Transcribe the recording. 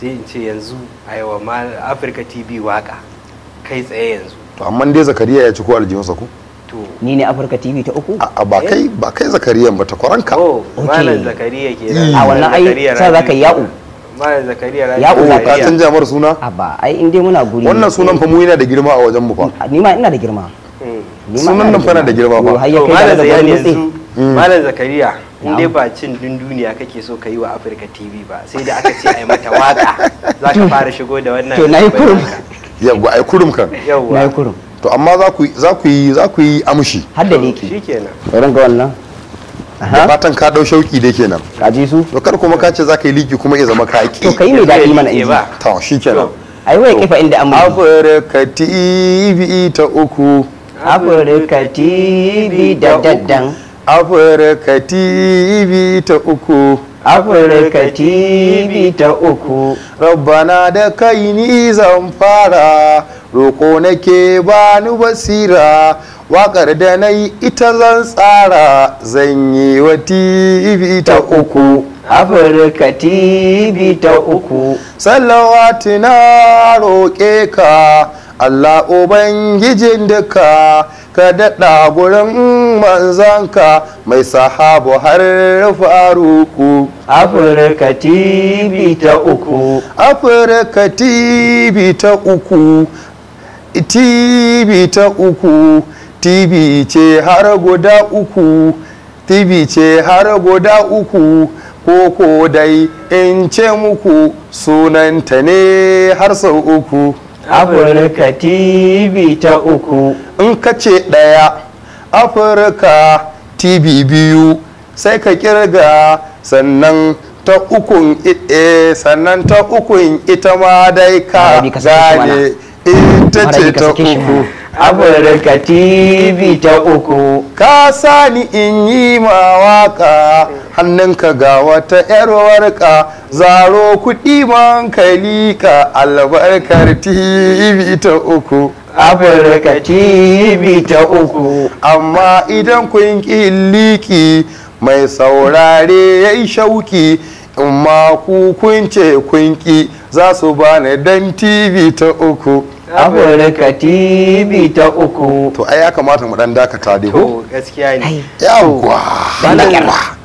sai in ce yanzu yawa ma afirka tv waka kai tsaye yanzu to amma dai zakariya ya ci ko sa ko to ni ne afirka tv ta uku a ba kai eh? ba kai zakariya ba ta kwaranka oh malam zakariya kenan a wannan ai sai zaka ya'u malam zakariya ya'u uba oh, ka canja mar suna a ba ai in dai muna guri wannan sunan fa mu yana da girma a wajen mu fa ni ma ina da girma hmm. sunan nan fa na da girma fa hmm. malam zakariya in ba cin dunduniya kake so ka yi wa afirka tv ba sai da aka ce a yi mata waka za ka fara shigo da wannan to na yi kurum yawwa ai kurum kan yawwa na yi kurum to amma za ku yi za ku yi amshi har da leki shikenan bari ga wannan da fatan ka dau shauki dai kenan ka ji su to kar kuma ka ce za ka yi liki kuma ya zama ka yi to kai ne da mana inji to shikenan ai wai kifa inda amma afirka tv ta uku afirka tv da daddan Afirka TV ta uku. Afirka TV ta uku. Rabbana da kai ni zan fara, roƙo nake bani basira, waƙar da na yi ita zan tsara, zan yi wa TV ta uku. Afirka TV ta uku. Salawati na roƙe ka, Allah Ubangijin duka. ka daɗa gurin manzanka mai sahabu har faruku afirka tv ta uku afirka tv ta uku tv ta uku tv ce har guda uku tv ce har guda uku koko dai in ce muku sunanta ne har sau uku afirka tv ta uku in ka ce ɗaya afirka tv biyu sai ka kirga sannan ta ukun eh, sannan ta ukun ita ma dai ka gane eh, ita ce ta uku afirka tv ta uku ka sani in yi mawaka hannunka ga wata yar warka zaro kuɗi man kalika albarkar tv ta uku afirka tv ta uku amma idan kun liki mai saurare ya yi shauki in ma ku kun ce kunki za su bani dan tv ta uku afirka katibi ta uku to ai ya kamata mu dan dakata dai to gaskiya ne yawwa